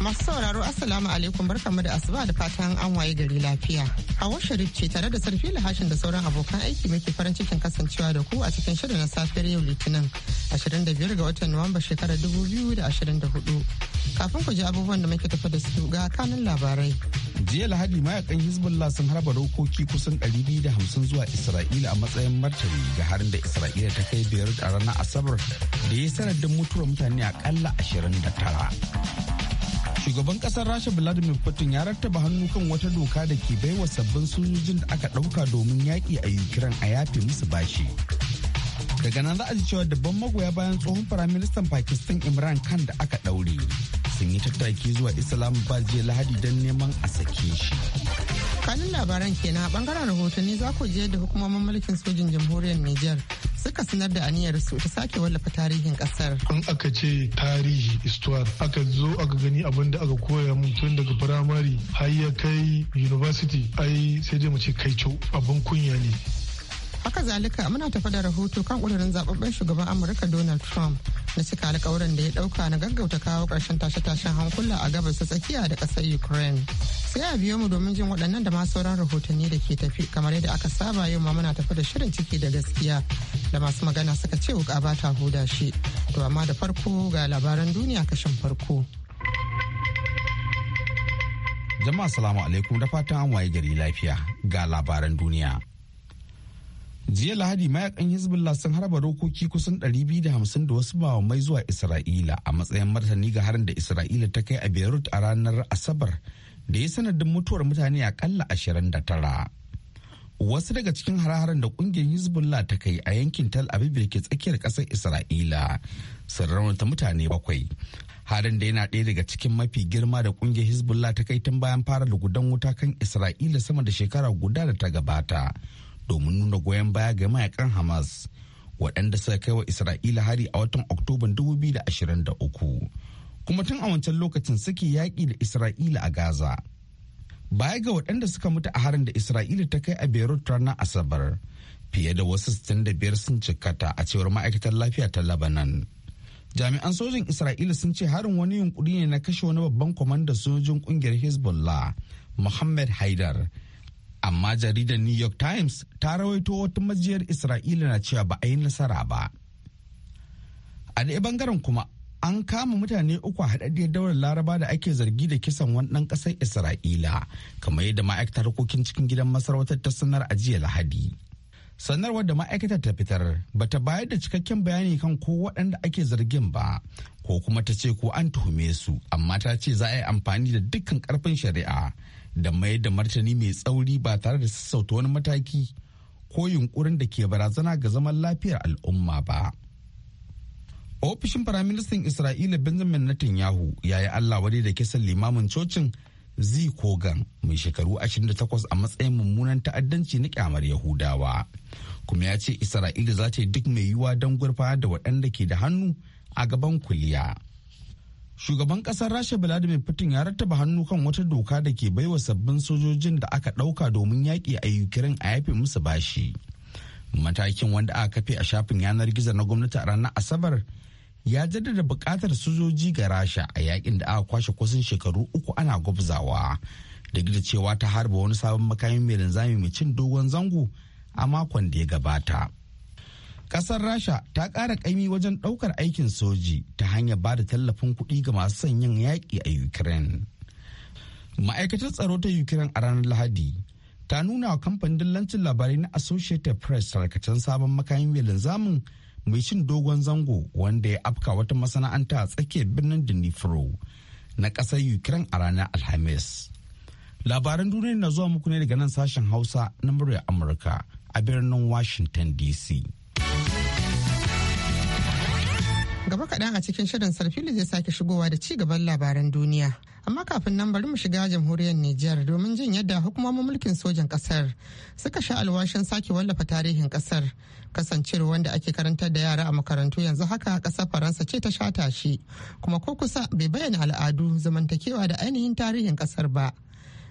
Masu sauraro Assalamu alaikum barkamu da asuba da fatan an waye gari lafiya. Hawa Sharif ce tare da sarfi lahashin da sauran abokan aiki muke farin cikin kasancewa da ku a cikin shirin na safiyar yau Litinin 25 ga watan Nuwamba shekarar 2024. Kafin ku ji abubuwan da muke tafa da su ga kanun labarai. Jiya Lahadi mayakan Hezbollah sun harba rokoki kusan 250 zuwa Isra'ila a matsayin martani ga harin da Isra'ila ta kai biyar a ranar Asabar da ya sanar da mutuwar mutane akalla 29. shugaban kasar rasha vladimir putin ya rattaba hannu kan wata doka da ke baiwa sabbin sojojin da aka dauka domin yaƙi a ukraine a yafe musu bashi daga nan za a ji cewa dabban magoya bayan tsohon firaministan pakistan imran khan da aka daure. sun yi tattaki zuwa islamabad jiya lahadi don neman a sake shi kanin labaran kenan a bangaren rahotanni za ku je da hukumomin mulkin sojin jamhuriyar niger suka sanar da aniyar su ta sake wallafa tarihin kasar. An aka ce tarihi istuwar aka zo aka gani abin da aka koya mun tun daga firamare har ya kai university ai sai dai mu ce kai abin kunya ne. Haka zalika muna tafa da rahoto kan ƙudurin zababben shugaban Amurka Donald Trump na cika alkawarin da ya ɗauka na gaggauta kawo ƙarshen tashe-tashen hankula a gabas ta tsakiya da ƙasar Ukraine. Sai a biyo mu domin jin waɗannan da ma sauran rahotanni da ke tafi kamar yadda aka saba yau ma muna tafi da shirin ciki da gaskiya da masu magana suka ce wuka ba ta huda shi to amma da farko ga labaran duniya kashin farko jama'a salamu alaikum da fatan an waye gari lafiya ga labaran duniya jiya lahadi mayakan hezbollah sun harba dokoki kusan 250 da wasu mai zuwa isra'ila a matsayin martani ga harin da isra'ila ta kai a beirut a ranar asabar da ya sanadin mutuwar mutane akalla 29 wasu daga cikin hare-haren da kungiyar hezbollah ta kai a yankin Tal aviv da ke tsakiyar kasar isra'ila sun raunata mutane bakwai harin da yana ɗaya daga cikin mafi girma da kungiyar hezbollah ta kai tun bayan fara lugudan wuta kan isra'ila sama da shekara guda da ta gabata domin nuna goyon baya ga mayakan hamas waɗanda suka kai wa isra'ila hari a watan oktoban 2023 kuma tun a wancan lokacin suke yaƙi da isra'ila a gaza baya ga waɗanda suka mutu a harin da isra'ila ta kai a beirut ranar asabar fiye da wasu biyar sun cikkata a cewar ma'aikatar lafiya ta labanan jami'an sojin isra'ila sun ce harin wani yunkuri ne na kashe wani babban kwamandan sojin kungiyar hezbollah muhammad haidar amma jaridar new york times ta rawaito wata majiyar isra'ila na cewa ba a yi nasara ba a ɗaya bangaren kuma an kama mutane uku a haɗaɗɗiyar daular laraba da ake zargi da kisan wani ɗan ƙasar isra'ila kamar yadda ma'aikatar harkokin cikin gidan masarautar ta sanar a jiya lahadi sanarwar da ma'aikatar ta fitar ba ta bayar da cikakken bayani kan ko waɗanda ake zargin ba ko kuma ta ce ko an tuhume su amma ta ce za a yi amfani da dukkan ƙarfin shari'a da mayar da martani mai tsauri ba tare da sassauta wani mataki ko yunkurin da ke barazana ga zaman lafiyar al'umma ba. Ofishin Firaministan Isra'ila Benjamin Netanyahu ya yi Allah wadai da kisan limamin cocin zi Kogan mai shekaru 28 a matsayin mummunan ta'addanci na kyamar Yahudawa. Kuma ya ce Isra'ila za ta yi duk mai yiwuwa don gurfa da waɗanda ke da hannu a gaban kuliya. Shugaban ƙasar Rasha Vladimir Putin ya rattaba hannu kan wata doka da ke baiwa sabbin sojojin da aka ɗauka domin yaƙi a Ukraine a yafe musu bashi. Matakin wanda aka kafe a shafin yanar gizo na gwamnati a ranar Asabar ya jaddada bukatar sojoji ga rasha a yakin da aka kwashe kusan shekaru uku ana gwabzawa duk da cewa ta harba wani sabon makamin mai linzami mai cin dogon zango a makon da ya gabata kasar rasha ta ƙara ƙaimi wajen ɗaukar aikin soji ta hanyar ba da tallafin kuɗi ga masu son yin yaƙi a ukraine ma'aikatar tsaro ta ukraine a ranar lahadi ta nuna wa kamfanin dillancin labarai na associated press tarkacen sabon makamin mai linzamin mai cin dogon zango wanda ya afka wata masana'anta a tsakiyar birnin Dnipro na ƙasar Ukraine a ranar Alhamis. Labaran duniya na zuwa muku ne daga nan sashen Hausa na muryar Amurka a birnin Washington DC. Gaba kaɗan a cikin shirin sarfili zai sake shigowa da ci gaban labaran duniya. Amma kafin nan bari mu shiga jamhuriyar Nijar domin jin yadda hukumomin mulkin sojan ƙasar suka sha alwashin sake wallafa tarihin ƙasar kasancewa wanda ake karantar da yara a makarantu yanzu haka ƙasar Faransa ce ta shata shi kuma ko kusa bai bayyana al'adu zamantakewa da ainihin tarihin ƙasar ba.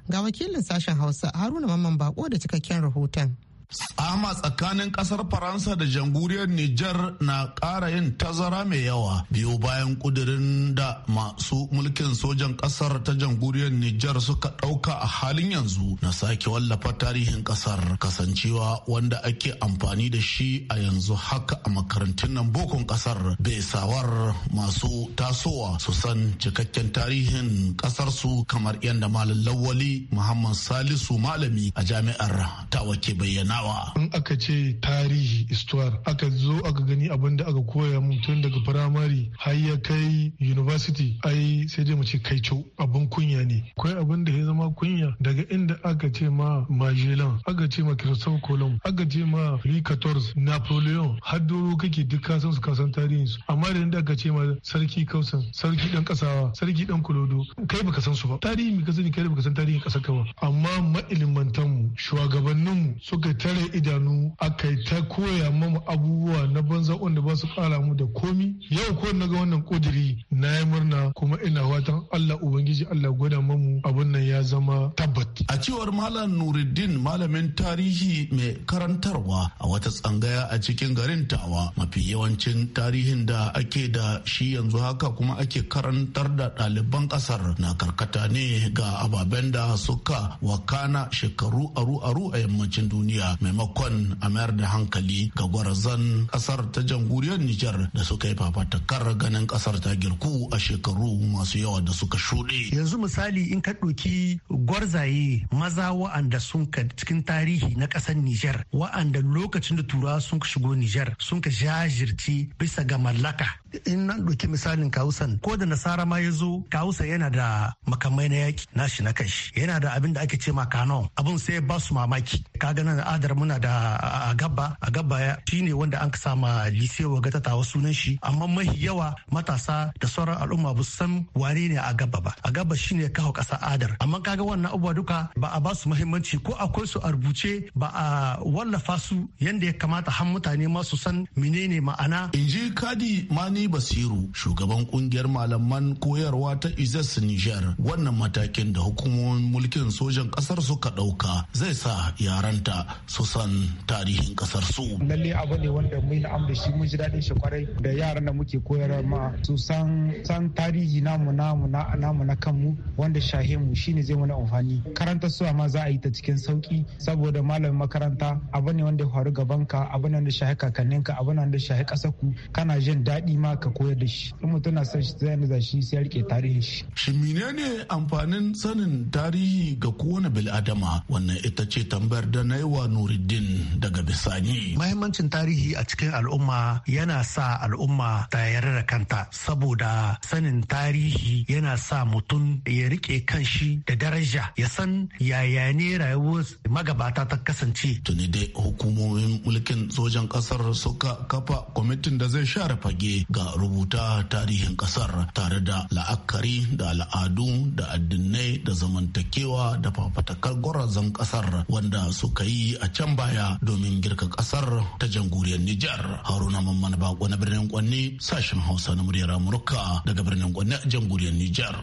Ga wakilin sashen Hausa Haruna Mamman Bako da cikakken rahoton. Tsama tsakanin kasar Faransa da jamhuriyar Nijar na ƙara yin tazara mai yawa biyu bayan kudirin da masu mulkin sojan kasar ta jamhuriyar Nijar suka ɗauka a halin yanzu na sake wallafa tarihin kasar kasancewa wanda ake amfani da shi a yanzu haka a makarantun nan bokon kasar bai sawar masu tasowa su san cikakken tarihin kasarsu kamar yadda malam lawali Muhammad Salisu malami a jami'ar ta wake bayyana in aka ce tarihi istuwar aka zo aka gani abin da aka koya mun tun daga firamare har ya kai university ai sai dai mu ce kai co abin kunya ne akwai abin da ya zama kunya daga inda aka ce ma magellan aka ce ma christophe colomb aka ce ma louis napoleon har doro kake duk san su san tarihin su amma da inda aka ce ma sarki kausan sarki dan kasawa sarki dan kulodo kai baka san su ba tarihi mai kasani kai baka san tarihin kasar ka ba amma ma'ilimantan mu shugabannin mu suka tare idanu aka yi ta koya mamu abubuwa na banza wanda ba su kara mu da komi yau ko na ga wannan kudiri na yi murna kuma ina watan Allah ubangiji Allah gwada mamu abin nan ya zama tabbat a cewar malam Nuruddin malamin tarihi mai karantarwa a wata tsangaya a cikin garin Tawa mafi yawancin tarihin da ake da shi yanzu haka kuma ake karantar da ɗaliban ƙasar na karkata ne ga ababen da suka wakana shekaru aru aru a yammacin duniya maimakon a mayar da hankali ga gwarazan kasar ta jamhuriyar Nijar da suka yi fafatakar ganin kasar ta girku a shekaru masu yawa da suka shuɗe. Yanzu misali in ka ɗauki gwarzaye maza wa'anda sun ka cikin tarihi na ƙasar Nijar wa'anda lokacin da turawa sun shigo Nijar sun ka jajirce bisa ga mallaka in nan ɗauki misalin kawusan ko da nasara ma ya zo kawusa yana da makamai na yaƙi nashi na kashi yana da abin da ake ce ma kanon abin sai ba su mamaki ka kaga nan adar muna da a ya shi ne wanda an ma lisewa ga tatawa sunan shi amma mahi yawa matasa da sauran al'umma ba san wane ne a gaba ba a gaba shi ne kawo kasa adar amma kaga wannan abubuwa duka ba a ba su muhimmanci ko akwai su a rubuce ba a wallafa su yanda ya kamata har mutane ma su san menene ma'ana in ji kadi mani Sani Basiru shugaban kungiyar malaman koyarwa ta Izes Niger wannan matakin da hukumomin mulkin sojan kasar suka dauka zai sa yaranta su san tarihin kasar su. Lalle abu ne wanda mun na'am shi mun ji daɗin shi kwarai da yaran da muke koyarwa ma su san san tarihi namu namu namu na kanmu wanda shahe mu shine zai mana amfani. Karanta su ma za a yi ta cikin sauki saboda malamin makaranta abu ne wanda ya faru gaban ka abu ne wanda shahe kakanninka abu ne wanda shahe kasar ku kana jin daɗi ma ma ka koyar da shi in mutum na son shi sai da shi sai rike tarihin shi shi menene amfanin sanin tarihi ga kowane bil'adama wannan ita ce tambayar da na yi wa Nuruddin daga bisani mahimmancin tarihi a cikin al'umma yana sa al'umma ta yarda da kanta saboda sanin tarihi yana sa mutum ya rike kanshi da daraja ya san yaya ne rayuwar magabata ta kasance tuni dai hukumomin mulkin sojan kasar suka kafa kwamitin da zai share fage ga rubuta tarihin kasar tare da la'akari da al'adu da addinai da zamantakewa da fafatakar gwarazan kasar wanda suka yi a can baya domin girka kasar ta jamhuriyar Nijar. Haruna Mamman Bako na birnin Kwanne sashen Hausa na muryar Amurka daga birnin Kwanne a jamhuriyar Nijar.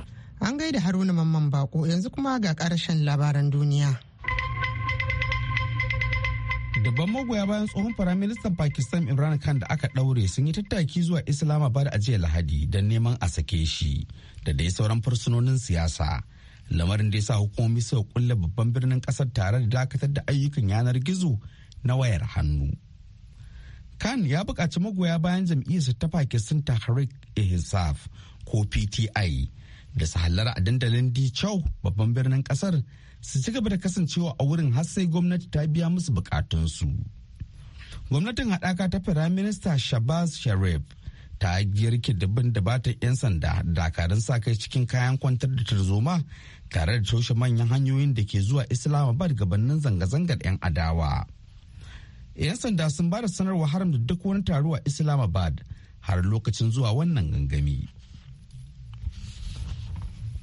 An gaida Haruna Mamman Bako yanzu kuma ga ƙarshen labaran duniya. dubban magoya bayan tsohon firaministan pakistan imran khan da aka daure sun yi tattaki zuwa islamabad a jiya lahadi don neman a sake shi da dai sauran fursunonin siyasa lamarin da ya sa hukumomi suka kulle babban birnin kasar tare da dakatar da ayyukan yanar gizo na wayar hannu khan ya bukaci magoya bayan jam'iyyarsa ta pakistan tahrik ihsaf ko pti da su hallara a dandalin Dichau babban birnin kasar su ci gaba da kasancewa a wurin har sai gwamnati ta biya musu bukatunsu. Gwamnatin haɗaka ta Firaminista Shabazz Sharif ta girki dabin da bata 'yan sanda dakarun sa kai cikin kayan kwantar da tarzoma tare da toshe manyan hanyoyin da ke zuwa Islamabad gabanin zanga-zangar 'yan adawa. 'Yan sanda sun ba da sanarwa da duk wani taro a Islamabad har lokacin zuwa wannan gangami.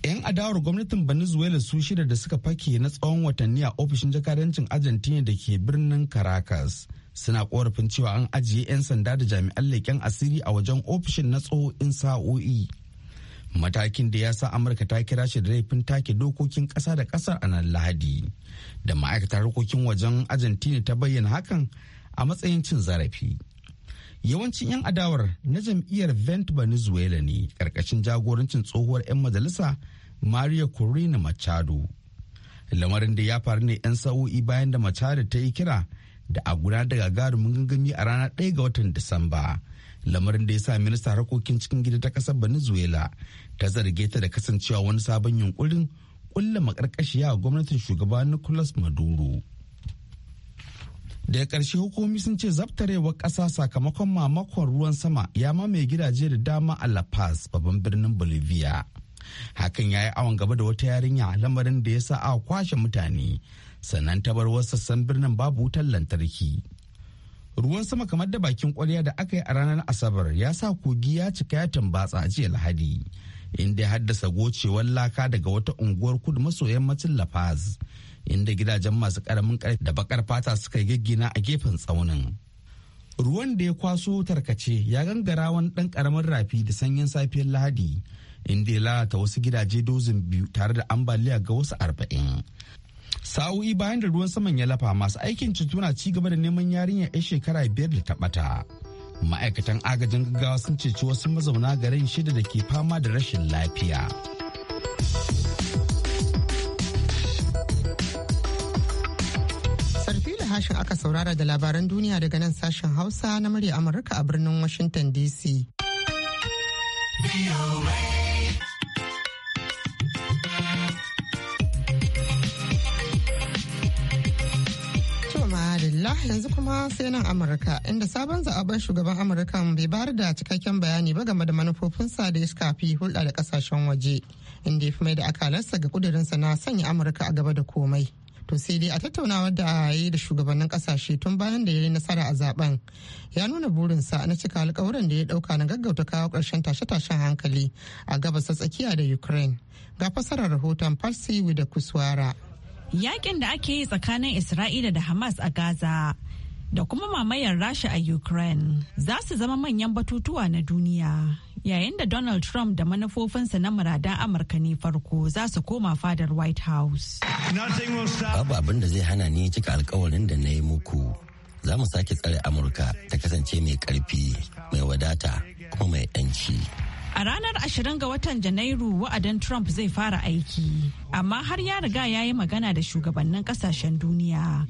'Yan adawar gwamnatin Venezuela su shida da suka fake na tsawon watanni a ofishin jakadancin Argentina da ke birnin Caracas. Suna korafin cewa an ajiye 'yan sanda da jami'an leƙen asiri a wajen ofishin na tsohon sa'o'i. Matakin da ya sa Amurka ta kira shi da laifin take dokokin ƙasa da ƙasar a nan Lahadi. Da ma'aikatar harkokin wajen Argentina ta bayyana hakan a matsayin cin zarafi. Yawancin 'yan adawar na jam'iyyar Vent Venezuela ne ƙarƙashin jagorancin tsohuwar 'yan majalisa Maria Corina Machado. Lamarin da ya faru ne 'yan sa'o'i bayan da Machado ta yi kira da a gudanar da gagarumin gangami a ranar 1 ga watan Disamba. Lamarin da ya sa minista harkokin cikin gida ta ƙasar Venezuela ta zarge ta da kasancewa wani sabon yunkurin kulla makarkashiya a gwamnatin shugaba Nicolas Maduro. daga ƙarshe hukumomi sun ce zabtarewar ƙasa sakamakon mamakon ruwan sama ya mamaye gidaje da dama a la paz babban birnin bolivia hakan ya yi awon gaba da wata yarinya lamarin da ya sa a kwashe mutane sannan ta bar wasu sassan birnin babu wutar lantarki ruwan sama kamar da bakin kwarya da aka yi a ranar asabar ya sa kogi ya cika ya tambatsa a jiya lahadi inda ya haddasa gocewar laka daga wata unguwar kudu maso yammacin la paz inda gidajen masu karamin karfi da bakar fata suka yi giggina a gefen tsaunin ruwan da ya kwaso tarkace ya gangara wani dan karamin rafi da sanyin safiyar lahadi inda ya lalata wasu gidaje dozin biyu tare da ambaliya ga wasu arba'in sa'o'i bayan da ruwan saman ya lafa masu aikin ceto na ci gaba da neman yarinya yar shekara biyar da ta bata ma'aikatan agajin gaggawa sun ceci wasu mazauna garin shida da ke fama da rashin lafiya. sashen aka saurara da labaran duniya daga nan sashen Hausa na murya Amurka a birnin Washington DC. yanzu kuma sai nan Amurka inda sabon zaɓen shugaban Amurka bai bayar da cikakken bayani ba game da manufofinsa da ya shafi hulɗa da ƙasashen waje inda ya fi mai da akalarsa ga kudurinsa na sanya Amurka a gaba da komai. to sai dai a tattaunawar da da shugabannin kasashe tun bayan da ya yi nasara a zaben ya nuna burinsa na cika alkawuran da ya dauka na gaggauta kawo karshen tashe-tashen hankali a gabas tsakiya da ukraine ga fasarar rahoton farsi da kuswara yakin da ake yi tsakanin isra'ila da hamas a gaza da kuma mamayar rasha a ukraine za su zama manyan batutuwa na duniya yayin da Donald Trump da manufofinsa na muradan Amurka ne farko za su koma fadar White House. Babu abin da zai hana ni cika alkawarin da na yi muku. Za mu sake tsare Amurka ta kasance mai karfi, mai wadata, kuma mai 'yanci. A ranar 20 ga watan Janairu wa'adin Trump zai fara aiki, amma har ya riga ya yi magana da shugabannin kasashen duniya,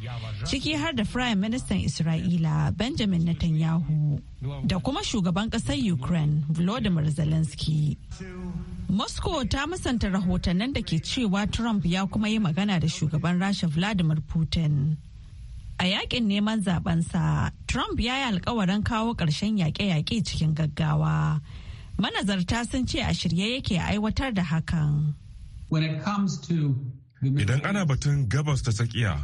ciki har da Prime Minister Isra'ila Benjamin Netanyahu da kuma shugaban ƙasar Ukraine Volodymyr Zelensky. Moscow ta musanta rahotannin da ke cewa Trump ya kuma yi magana da shugaban Rasha Vladimir Putin. A yakin neman zabensa, Trump ya yi alkawarin kawo ƙarshen yaƙe-yaƙe cikin gaggawa. Manazarta sun ce a shirye yake aiwatar da hakan. Idan ana batun gabas ta tsakiya,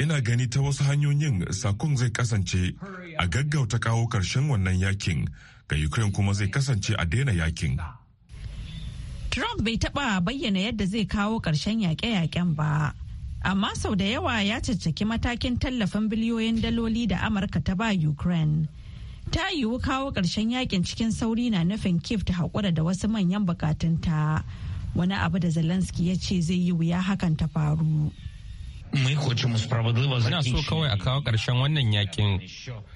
ina gani ta wasu hanyoyin sakon zai kasance a gaggauta kawo karshen wannan yakin ga Ukraine kuma zai kasance a daina yakin. Trump bai taɓa bayyana yadda zai kawo ƙarshen yaƙe-yaƙen ba. Amma sau da yawa ya caccaki matakin tallafin biliyoyin daloli da Amurka ta ba Ukraine. ta yiwu kawo ƙarshen yakin cikin sauri na nufin kif ta haƙura da wasu manyan bukatunta wani abu da zelensky ya ce zai yi wuya hakan ta faru Muna so kawai a kawo ƙarshen wannan yakin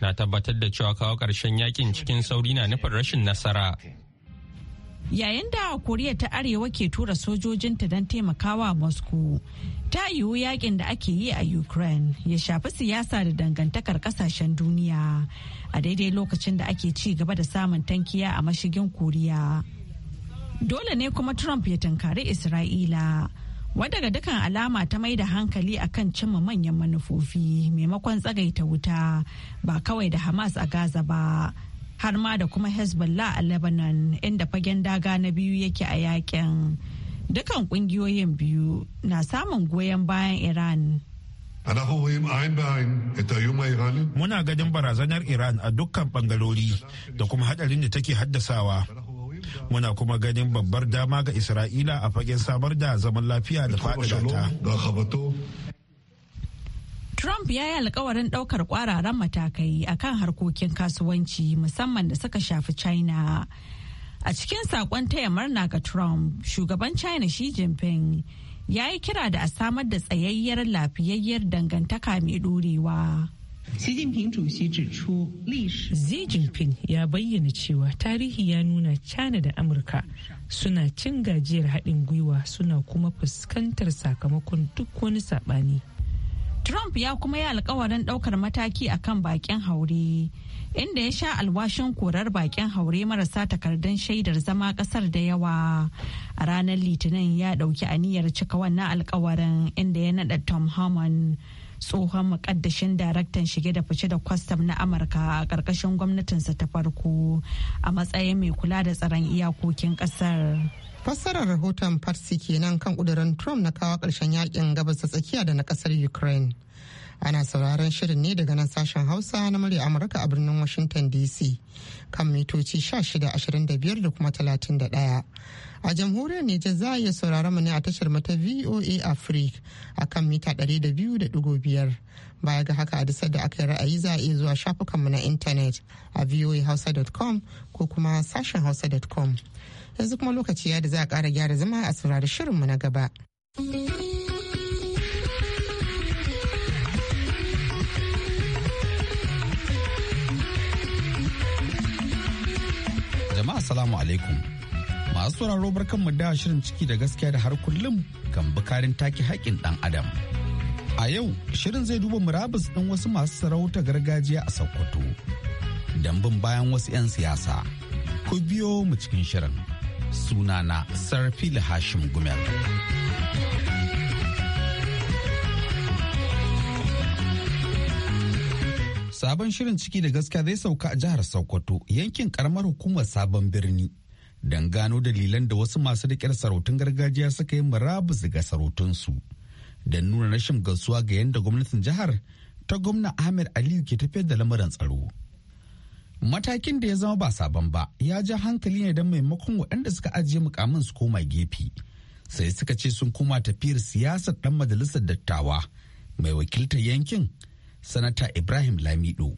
na tabbatar da cewa kawo ƙarshen yakin cikin sauri na nufin rashin nasara yayin da koriya ta arewa ke tura sojojinta don taimakawa moscow ta yiwu yakin da ake yi a ukraine ya shafi siyasa da dangantakar kasashen duniya a daidai lokacin da ake ci gaba da samun tankiya a mashigin koriya dole ne kuma trump ya tankari isra'ila wadda ga dukan alama ta mai da hankali a kan cimma manyan manufofi maimakon tsagaita wuta ba kawai da hamas a gaza ba har ma da kuma hezbollah a lebanon inda fagen daga na biyu yake a yakin dukan kungiyoyin biyu na samun goyon bayan iran Muna ganin barazanar Iran a dukkan bangarori da kuma hadarin da take haddasawa. Muna kuma ganin babbar dama ga Isra'ila a fagen samar da zaman lafiya da faɗaɗa ta. Trump ya yi alkawarin ɗaukar kwararan matakai a kan harkokin kasuwanci musamman da suka shafi China. A cikin saƙon taya murna ga Trump, shugaban China Xi Jinping ya yi kira da a samar da tsayayyar lafiyayyar dangantaka mai ɗorewa. Xi Jinping ya bayyana cewa tarihi ya nuna China da Amurka suna cin gajiyar haɗin gwiwa suna kuma fuskantar sakamakon duk wani saɓani. Trump ya kuma yi alkawarin ɗaukar mataki a kan baƙin haure, inda ya sha alwashin korar baƙin haure marasa takardun shaidar zama ƙasar da yawa. A ranar Litinin ya ɗauki aniyar cika wannan alkawarin inda ya naɗa Tom Harmon. tsohon mukaddashin daraktan shige da fice da kwastam na amurka a ƙarƙashin gwamnatinsa ta farko a matsayin mai kula da tsaron iyakokin ƙasar. fassarar rahoton farsi kenan kan kudurin trump na kawo ƙarshen yakin gabas ta tsakiya da na ƙasar ukraine ana sauraron shirin ne daga nan sashen hausa na murya amurka a birnin washington dc kan mitoci 1625 da kuma 31 a jamhuriyar nijar za a iya sauraron mu ne a tashar mata voa africa a kan mita 200.5 baya ga haka a disar da aka yi ra'ayi za a iya zuwa shafukanmu na intanet a voahausa.com ko kuma sashen hausa.com yanzu kuma lokaci ya da za a ƙara gyara zama a saurari shirin mu na gaba. Jama'a salamu alaikum. Masu sauraro barkan mu da shirin ciki da gaskiya da har kullum kan bukarin taki haƙƙin ɗan adam. A yau shirin zai duba murabus ɗin wasu masu sarauta gargajiya a Sokoto. Dambun bayan wasu 'yan siyasa. Ku biyo mu cikin shirin. sunana sarfil hashim gumel sabon shirin ciki da gaskiya zai sauka a jihar sokoto yankin karamar hukumar sabon birni don gano dalilan da wasu masu riƙe sarautun gargajiya suka yi murabus daga sarautunsu don nuna rashin gamsuwa ga yadda gwamnatin jihar ta gwamna ahmed aliyu ke tafiyar da lamarin tsaro matakin da ya zama ba sabon ba ya ja hankali ne don maimakon waɗanda suka ajiye mukamin su koma gefe sai suka ce sun koma tafiyar siyasar ɗan majalisar dattawa mai wakiltar yankin sanata ibrahim lamido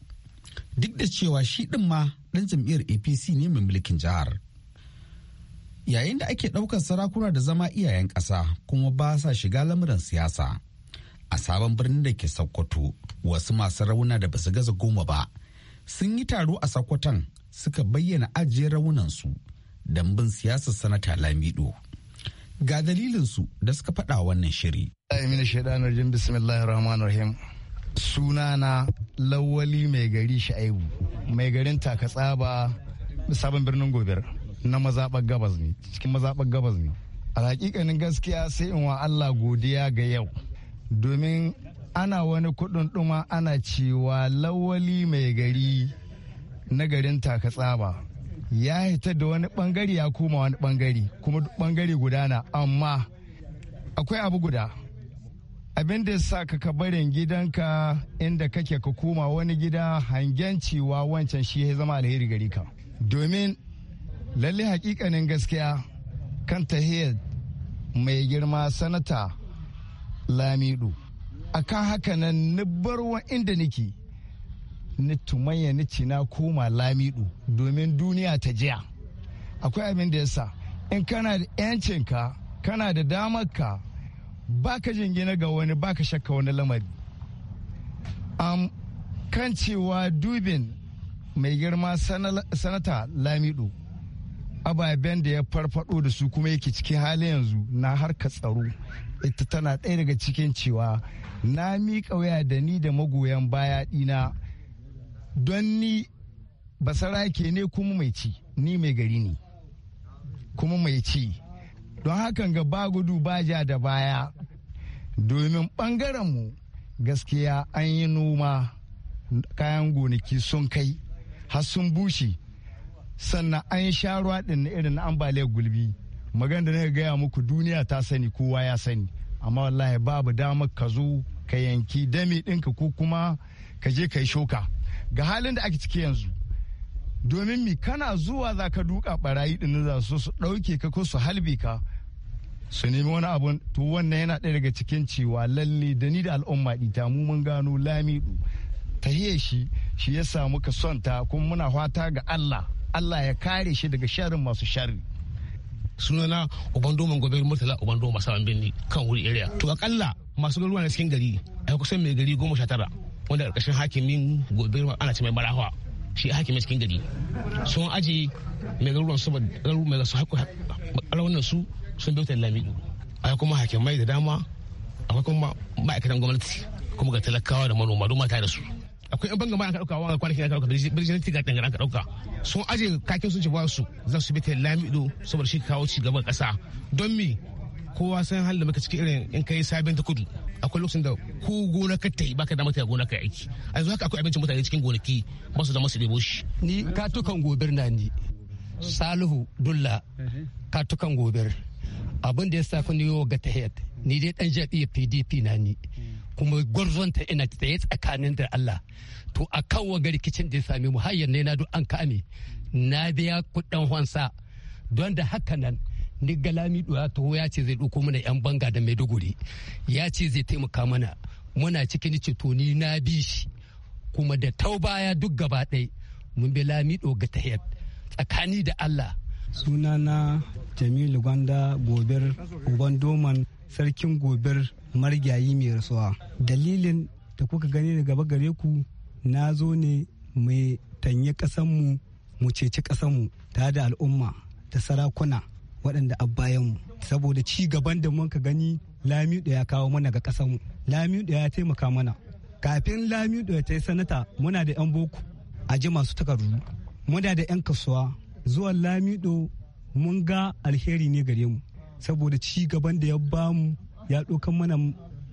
duk da cewa shi ɗin ma ɗan jam'iyyar apc ne mai mulkin jihar yayin da ake ɗaukar sarakuna da zama iyayen ƙasa kuma ba sa shiga lamuran siyasa a sabon birnin da ke sokoto wasu masu rauna da basu gaza goma ba sun yi taro a sakwatan suka bayyana ajiye raunansu don bin siyasar sanata lamido ga dalilinsu da suka faɗa wannan shiri rahim sunana lawali mai gari sha'ibu mai garin takatsaba sabon birnin gobir na mazaɓar gabas ne cikin mazaɓar gabas ne a hakikanin gaskiya sai in wa allah godiya ga yau domin ana wani kudin ɗuma ana cewa lawali mai gari na garin takatsaba ya hita da wani bangare ya koma wani bangare kuma bangare gudana amma akwai abu guda abin da sa ka ka barin gidanka inda kake ka koma wani gida hangen cewa wancan shi ya zama alheri gari ka domin lalle hakikanin gaskiya kan tahiyar mai girma sanata lamidu akan haka nan ni barwa inda nake ni tumayya ni ci koma lamidu domin duniya ta jiya akwai abin da yasa in kana da yancinka kana da damarka ba ka jingina ga wani baka ka shakka wani lamari an kan cewa dubin mai girma sanata lamido ababen da ya farfado da su kuma yake cikin halin yanzu na harka tsaro ita tana ɗaya daga cikin cewa na miƙa waya da ni da magoyan baya ɗina don ni basarake ne kuma mai ci ni mai gari ne kuma mai ci don hakan ga ba gudu ba ja da baya domin mu gaskiya an yi noma kayan gonaki sun kai har sun bushe sannan an yi sha ruwa ɗin irin ambaliyar gulbi magan da na gaya muku duniya ta sani kowa ya sani amma wallahi babu damar ka zo ka yanki dami ɗinka ko kuma ka je ka yi shoka ga halin da ake ciki yanzu domin mi kana zuwa za ka duka barayi ɗin za su su ɗauke ka ko su halbe ka su nemi wani abun to wannan yana ɗaya daga cikin cewa lalle da ni da al'umma ɗita mu mun gano lamidu ta shi shi ya samu ka son ta kuma muna fata ga Allah Allah ya kare shi daga sharrin masu sharri sunana uban doman gobe murtala uban doman masawan birni kan wuri area to akalla masu ruwa na cikin gari a kusan mai gari goma sha tara wanda karkashin hakimin gobe ana ce mai barawa shi hakimin cikin gari sun aji mai garuruwan su mai su haku su sun bauta lamidu a kuma hakimai da dama a kuma ma'aikatan gwamnati kuma ga talakawa da manoma don mata da su akwai yan bangama aka dauka wa kwanakin aka dauka birjin tiga dangar aka dauka sun aje kakin sun ci ba su za su bi ta lamido saboda shi kawo ci gaban kasa don mi kowa san halin da muka cikin irin in kai sabin ta kudu akwai lokacin da ko gona ka tai baka da mata gona ka aiki a yanzu haka akwai abincin mutane cikin gonaki ba su zama su debo shi ni katukan gobir na ni salihu dulla katukan gobir abin da ya sa ku ni yau ga tahiyat ni dai dan jabi pdp na ni kuma ta ina tsaye tsakanin da Allah to a kan waga rikicin da ya sami mu hayyar ne na duk an kame na biya kuɗin hansa don da haka nan ni galami ya taho ya ce zai ɗauko mana yan banga da maiduguri ya ce zai taimaka mana muna cikin ceto ni na bi shi kuma da tauba baya duk gaba ɗai mun bi lamiɗo ga tahiyar tsakani da Allah sunana jamilu gwanda gobir uban doman sarkin gobir marigayi mai rasuwa dalilin da kuka gani da gaba gare ku na zo ne mai tanye ƙasanmu mu ceci ƙasanmu ta da al'umma da sarakuna waɗanda abbayanmu saboda ci gaban da muka gani lamido ya kawo mana ga ƙasanmu lamido ya taimaka mana kafin lamido ya ta yi sanata muna da 'yan boko a ji masu takardu muna da 'yan kasuwa zuwa lamido mun ga alheri ne gare mu saboda ci gaban da ya bamu ya ɗaukan mana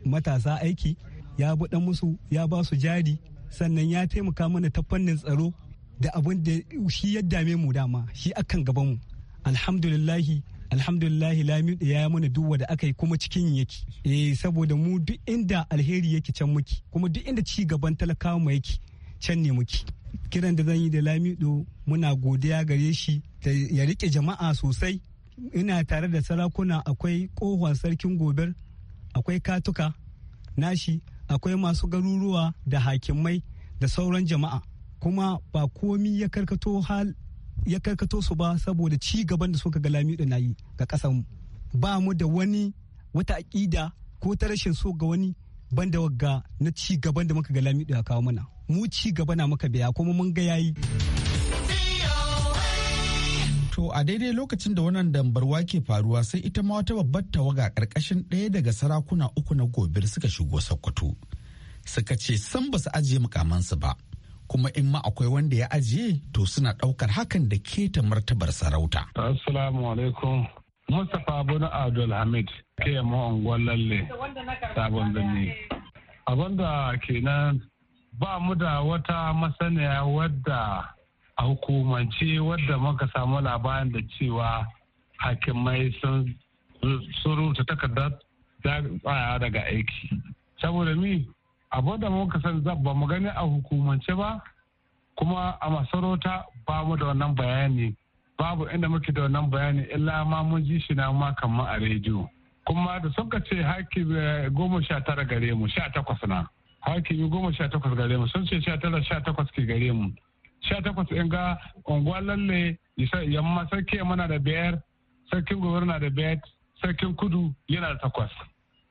matasa aiki ya buɗa musu ya ba su jari sannan ya taimaka mana ta fannin tsaro da abin da shi ya dame mu dama shi akan gaban mu alhamdulillah alhamdulillah lamin ya yi mana duk da aka yi kuma cikin yake eh saboda mu duk inda alheri yake can muke kuma duk inda ci gaban talakawa mu yake can ne muke kiran da zan yi da lamido muna godiya gare shi ya rike jama'a sosai ina tare da sarakuna akwai kohon sarkin gobir akwai katuka nashi akwai masu garuruwa da hakimai da sauran jama'a kuma ba komi ya karkato hal ya karkato su ba saboda ci gaban da suka ga lamido na yi ga kasanmu ba mu da wani wata aƙida ko ta rashin so ga wani banda wagga na ci gaban da muka ga lamido ya kawo mana mu ci gaba na muka biya kuma mun ga yayi. To a daidai lokacin da wannan dambarwa ke faruwa sai ita ma wata babbar tawaga ƙarƙashin ɗaya daga sarakuna uku na gobir suka shigo Sokoto. Suka ce san ba su ajiye mukamansu ba, kuma in ma akwai wanda ya ajiye to suna ɗaukar hakan da ke ta martabar sarauta. Assalamu alaikum. Mustapha Bono Abdulhamid ke mu unguwar lalle sabon birni. Abinda kenan ba mu da wata masaniya wadda a hukumance wadda muka samu labarin da cewa hakimai sun surutu takardar tsaya daga aiki saboda mi abu da muka san ba mu gani a hukumance ba kuma a masarauta ba mu da wannan bayani babu inda muke da wannan bayani illa ma mun ji shi na ma kamar a rediyo kuma da suka ce haki eh, goma sha tara gare mu sha takwas na haki goma sha takwas gare mu sun ce sha tara sha takwas ke gare mu sha takwas in ga unguwa lalle yamma sarki yamma na da biyar sarkin gobe na da biyar sarkin kudu yana da takwas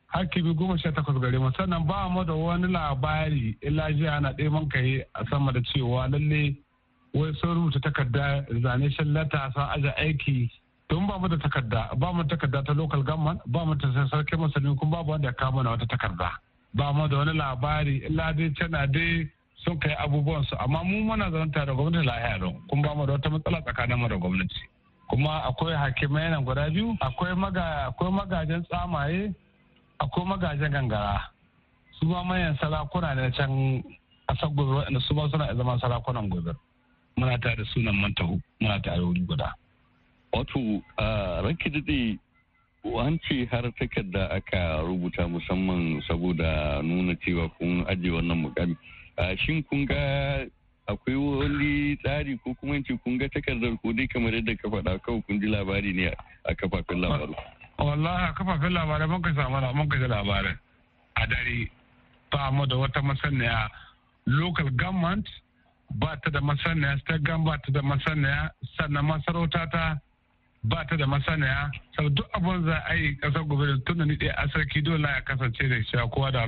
hakibi goma sha takwas gare mu sannan ba mu da wani labari illa jiya na ɗaya man kai a sama da cewa lalle wai sun rubuta takarda zane a sun aje aiki tun ba mu da takarda ba mu takarda ta local government ba mu ta sarkin musulmi kuma ba wanda ya kama na wata takarda ba mu da wani labari illa dai tana dai sun kai abubuwan su amma mu muna zanta da gwamnati lahiya don kun ba mu da wata matsala tsakanin mu da gwamnati kuma akwai hakimai nan guda biyu akwai maga akwai magajen tsamaye akwai magajen gangara su ma manyan sarakuna ne can kasar gobe waɗanda su ma suna zama sarakunan gobe muna tare da sunan mantahu muna tare wuri guda wato ranki dade wance har takarda aka rubuta musamman saboda nuna cewa kun ajiye wannan mukami shin kun ga akwai wani tsari ko kuma ce kun ga takardar ko dai kamar yadda ka faɗa kawai kun ji labari ne a kafafen labaru. wallahi a kafafen labarai mun kai samu mun kai labarin a dare ta amma da wata masaniya local government ba ta da masaniya state government ba ta da masaniya sannan masarauta ta ba ta da masanaya sau duk abin za a yi kasar gobe da tun da ni ɗaya sarki dole ya kasance da shi kowa da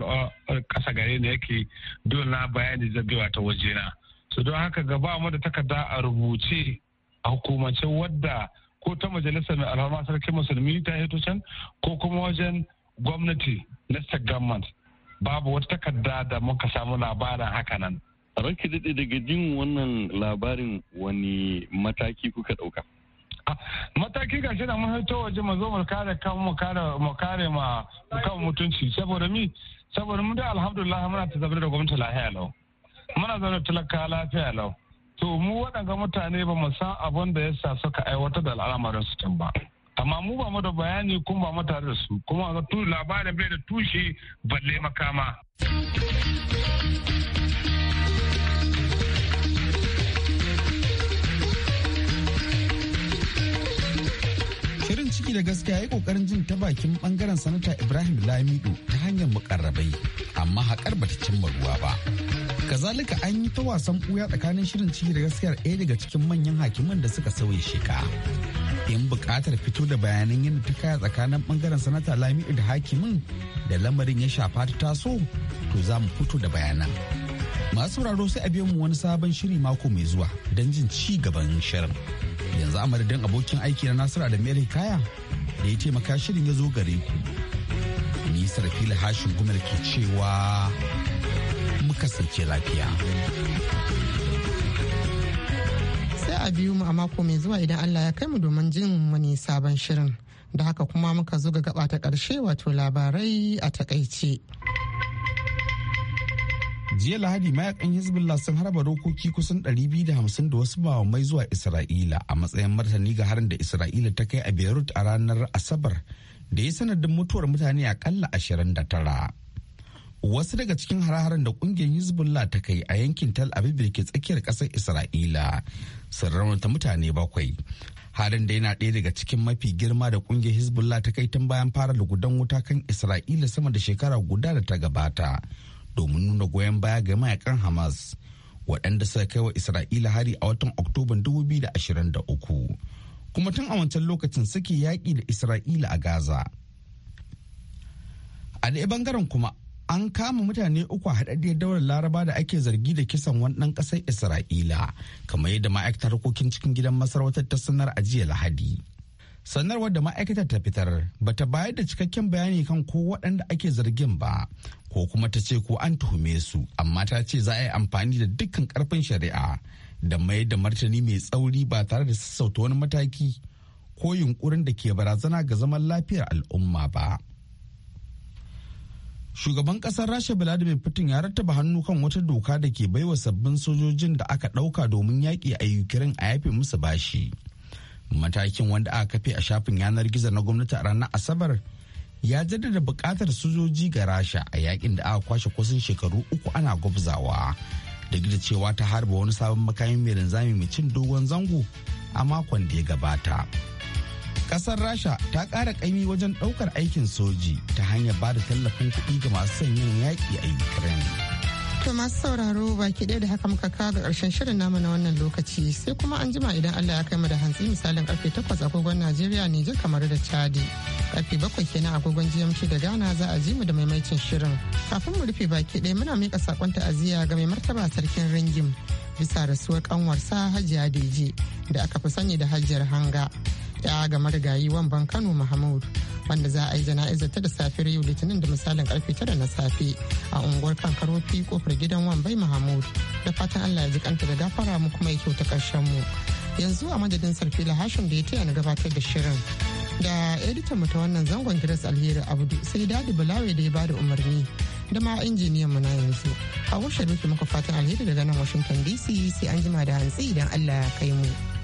ƙasa gare ne yake dole na bayani zabewa wata wajena su don haka gaba mu da takarda a rubuce a hukumance wadda ko ta majalisa mai alhama sarki musulmi ta hito can ko kuma wajen gwamnati na government babu wata takarda da muka samu labarin hakanan. Ranki daɗe daga jin wannan labarin wani mataki kuka ɗauka? mataki ga shi da mun haito waje mu zo mu kare kan mu kare ma kan mutunci saboda mi saboda mu da alhamdulillah muna ta zabar da gwamnati lafiya lau muna zaune talaka lafiya lau to mu waɗanga mutane ba mu san abin da yasa suka aiwatar da al'amarin su tun ba amma mu ba mu da bayani kuma ba mu tare da su kuma ga labarin bai da tushe balle makama Shirin ciki da gaskiya ya kokarin jin ta bakin bangaren sanata Ibrahim Lamido ta hanyar mukarrabai amma haƙar bata cimma ruwa ba. Kazalika an yi ta wasan ɓuya tsakanin shirin ciki da gaskiyar ɗaya daga cikin manyan hakiman da suka sauya sheka. In buƙatar fito da bayanan yadda ta kaya tsakanin bangaren sanata Lamido da hakimin da lamarin ya shafa ta taso to za mu fito da bayanan. Masu sauraro sai a biyo mu wani sabon shiri mako mai zuwa don jin ci gaban shirin. yanzu amadadin abokin aiki na nasara da Mary Kaya da ya taimaka shirin ya zo gare ku. Ni Sarfila Hashin gumar ke cewa muka sauke lafiya. Sai a biyu mu a mako mai zuwa idan Allah ya kai mu domin jin wani sabon shirin. Da haka kuma muka zo ga gaba ta karshe wato labarai a takaice. jiya lahadi mayakan hezbollah sun harba dokoki kusan 250 da wasu mai zuwa isra'ila a matsayin martani ga harin da isra'ila ta kai a beirut a ranar asabar da ya sanadin mutuwar mutane akalla 29 wasu daga cikin hare-haren da kungiyar hezbollah ta kai a yankin Tal aviv da ke tsakiyar kasar isra'ila sun raunata mutane bakwai harin da yana ɗaya daga cikin mafi girma da kungiyar hezbollah ta kai tun bayan fara lugudan wuta kan isra'ila sama da shekara guda da ta gabata domin nuna goyon baya ga mayakan hamas waɗanda suka kai wa isra'ila hari a watan oktoban 2023 kuma tun a wancan lokacin suke yaƙi da isra'ila a gaza a dai bangaren kuma an kama mutane uku a haɗaɗɗiyar daular laraba da ake zargi da kisan wani ɗan ƙasar isra'ila kamar yadda ma'aikatar harkokin cikin gidan masarautar ta sanar a jiya lahadi sanarwar da ma'aikatar ta fitar Bata bayar da cikakken bayani kan ko waɗanda ake zargin ba ko kuma ta ce ko an tuhume su amma ta ce za a yi amfani da dukkan karfin shari'a da mai da martani mai tsauri ba tare da sassauta wani mataki ko yunkurin da ke barazana ga zaman lafiyar al'umma ba. Shugaban kasar Rasha Vladimir Putin ya rattaba hannu kan wata doka da ke baiwa sabbin sojojin da aka ɗauka domin yaƙi a Ukraine a yafe musu bashi. Matakin wanda aka kafe a shafin yanar gizo na gwamnati a ranar Asabar ya jaddada bukatar sojoji ga rasha a yakin da aka kwashe kusan shekaru uku ana gwabzawa Duk da cewa ta harba wani sabon makamin mai rinzami mai cin dogon zango a makon da ya gabata kasar rasha ta ƙara ƙaimi wajen ɗaukar aikin soji ta hanyar ba da tallafin kuɗi ga masu sanyin yaƙi a ukraine To masu sauraro baki ɗaya da haka muka kawo ga ƙarshen shirin namu na wannan lokaci sai kuma an jima idan Allah ya kai mu da hantsi misalin karfe 8 agogon Najeriya ne jin kamar da Chadi. Karfe 7 kenan agogon GMT da Ghana za a ji mu da maimaicin shirin. Kafin mu rufe baki ɗaya muna miƙa sakon ta'aziyya ga mai martaba sarkin Ringim bisa rasuwar kanwarsa Hajiya dije da aka fi sani da Hajiyar Hanga. ya ga marigayi wamban kano mahmud wanda za a yi jana'izar ta da safiyar yau litinin da misalin karfe tara na safe a unguwar kankarofi kofar gidan wambai mahmud da fatan allah ya ji kanta da gafara mu kuma ya kyauta karshen mu yanzu a madadin sarfila hashim da ya taya na gabatar da shirin da editan mu ta wannan zangon giras alheri abudu sai dadi bulawe da ya bada umarni da ma injiniyan mu na yanzu a washe muka fatan alheri daga nan washington dc sai an jima da hantsi idan allah ya kai mu.